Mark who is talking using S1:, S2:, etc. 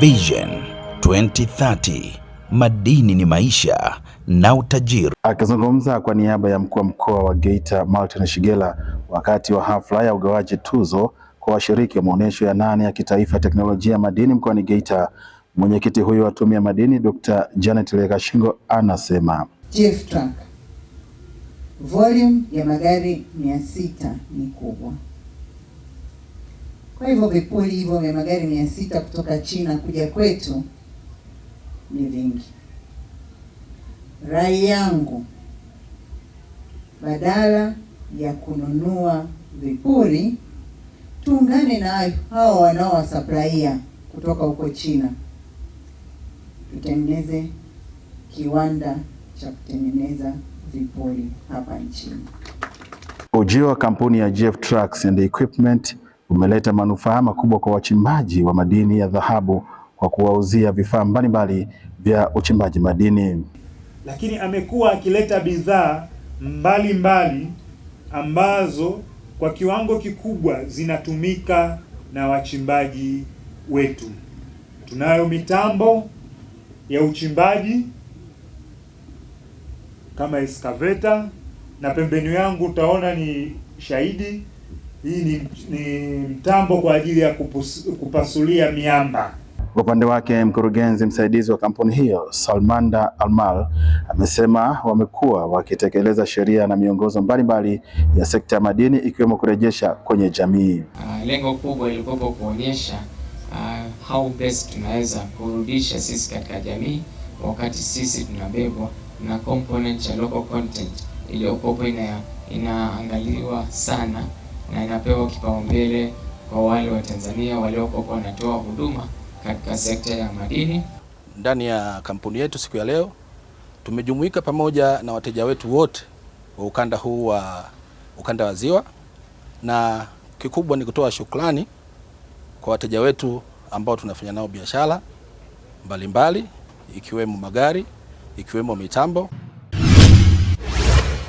S1: Vision 2030 madini ni maisha na utajiri.
S2: Akizungumza kwa niaba ya mkuu wa mkoa wa Geita Martin Shigela wakati wa hafla ya ugawaji tuzo kwa washiriki wa maonyesho ya nane ya kitaifa ya teknolojia ya madini mkoani Geita, mwenyekiti huyo wa Tume ya Madini Dr. Janet Lekashingo anasema
S3: GF Truck volume ya magari 600 ni kubwa kwa hivyo vipuli hivyo vya magari mia sita kutoka China kuja kwetu ni vingi. Rai yangu badala ya kununua vipuri, tuungane na hao wanaowasaplaia kutoka huko China, tutengeneze kiwanda cha kutengeneza vipuri hapa nchini.
S2: Ujio wa kampuni ya GF Trucks and Equipment umeleta manufaa makubwa kwa wachimbaji wa madini ya dhahabu kwa kuwauzia vifaa mbalimbali vya uchimbaji madini,
S4: lakini amekuwa akileta bidhaa mbalimbali ambazo kwa kiwango kikubwa zinatumika na wachimbaji wetu. Tunayo mitambo ya uchimbaji kama excavator na pembeni yangu utaona ni shahidi hii ni, ni mtambo kwa ajili ya kupus, kupasulia miamba.
S2: Kwa upande wake mkurugenzi msaidizi wa kampuni hiyo Salmanda Almal amesema wamekuwa wakitekeleza sheria na miongozo mbalimbali ya sekta ya madini ikiwemo kurejesha kwenye jamii.
S5: Uh, lengo kubwa ilikuwa kuonyesha uh, how best tunaweza kurudisha sisi katika jamii, wakati sisi tunabebwa na component ya local content iliyokuwapo inaangaliwa sana na inapewa kipaumbele kwa wale wa Tanzania waliokuwa wanatoa huduma katika sekta ya madini.
S6: Ndani ya kampuni yetu siku ya leo tumejumuika pamoja na wateja wetu wote wa ukanda huu wa ukanda wa Ziwa, na kikubwa ni kutoa shukrani kwa wateja wetu ambao tunafanya nao biashara mbalimbali ikiwemo magari, ikiwemo mitambo.